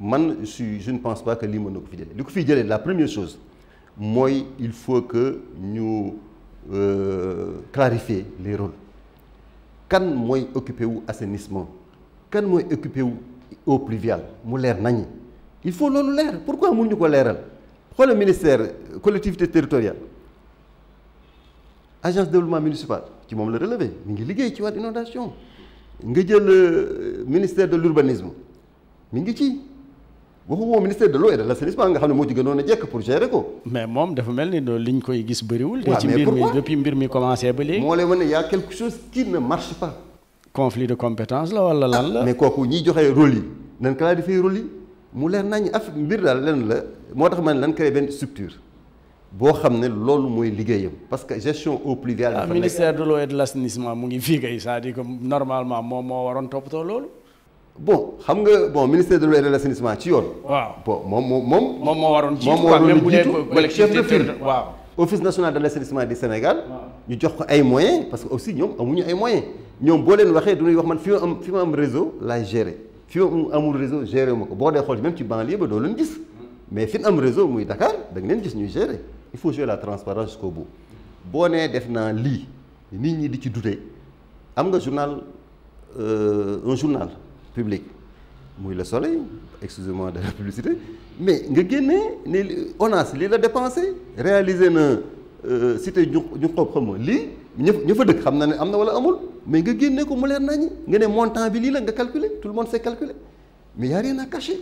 je ne pense pas que lii Fidèle. ko la première chose il faut que nous euh, clarifions les rôles kan s'occupe occupé wu assainissement kan moy occupé wu eau pluviale mu leer il faut lolu pourquoi le ko Pourquoi le ministère collectivité territoriale agence de développement municipal ci mom la relevé mi ngi liggéey ci wad inondation nga jël euh, ministère de l'urbanisme mingi ngi ci waxuwoo ministère de l'eau et de l'assainissement nga xam ne moo ci gënoon a jekk pour gérer ko. mais moom dafa mel ni loolu liñ koy gis bëriwul. te ci mbir mi depuis mbir mi commencé ba léegi. moo lay wane ne y a quelque chose qui ne marche pas. conflit de compétence la wala lan la. Ah, mais kooku ñiy joxe rôle yi nan kala laa defee rôle yi mu leer nañ af mbir daal lenn la moo tax man lan créé benn structure boo xam ne loolu mooy liggéeyam parce que gestion au pluviale. Ah, dafa ministère de l'eau et de l'assainissement mu ngi fii kay c'est-à-dire que normalement moom moo waroon toppatoo loolu bon xam nga bon ministère de l'eau et de l'assainissement ci yoon. waaw bon mom mom mom moom moo waroon jiitu quoi même bu dee chef de file waaw. office national de l'assainissement du Sénégal. ñu jox ko ay moyens parce que aussi ñom amuñu ay moyens ñom bo leen waxé duñu wax man fi am fi am réseau la gérer fi ma amul réseau gérer mako bo dé xol même ci banlieue ba do leen gis mais fi am réseau muy Dakar da ngeen gis ñuy gérer il faut jouer la transparence jusqu'au bout boo nee def naa lii nit ñi di ci dute am nga journal euh, un journal public muy le soleil excusez-moi de la publicité mais nga génnee ne ONAS lii la dépenser réaliser na euh, cité ñu ñu xob xam nga lii ñë ñë fa dëkk xam na ne wala amul mais nga génnee ko mu leer nañi nga ne montant bi lii nga calculer tout le monde sait calculer mais y a rien à cacher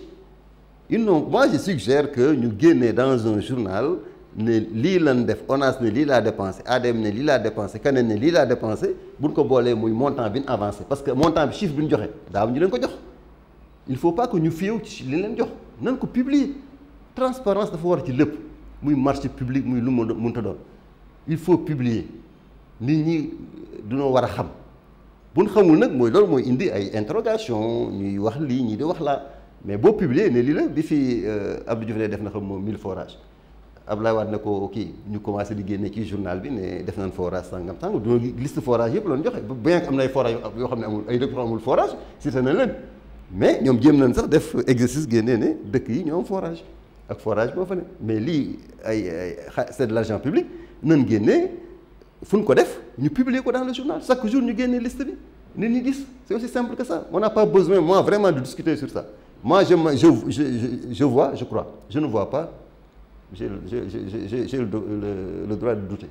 ils n'ont moi je suggère que ñu génnee dans un journal ne lan def ONAS ne lii laa dépensé ADM ne lii laa dépensé keneen ne lii laa dépensé buñ ko bolé muy montant bin ñu avancé parce que montant bi chiffre buñ joxé joxe daaw ñu leen ko jox il faut pas que ñu féew ci li leen jox nan ko publier transparence dafa war ci lepp muy marché public muy lu mu ta doon il faut publier nit ñi dunoo war a xam buñ xamul nak moy lool moy indi ay interrogation ñuy wax li ñi di wax la mais bo publier ne li la bi fii euh, Abdou Diouf def na xam moom mille forages Abdoulaye Wade ne ko kii ñu commencé di génne ci journal bi né def nañ forage sangam sangam donc liste forage yépp la joxe bien am na forage yo xamné ne amul ay dëkk amul forage sa nañ leen mais ñom jéem nañ sax def exercice génnee ne dëkk yi ñom forage ak forage bo fa né mais li ay c'est de l'argent public nañ génnee fuñ ko def ñu publier ko dans le journal chaque jour ñu génnee liste bi nit ñi gis c'est aussi simple que ça on n'a pas besoin moi vraiment de discuter sur ça moi je je je je vois je crois je ne vois pas j'ai le, le, le droit de douter.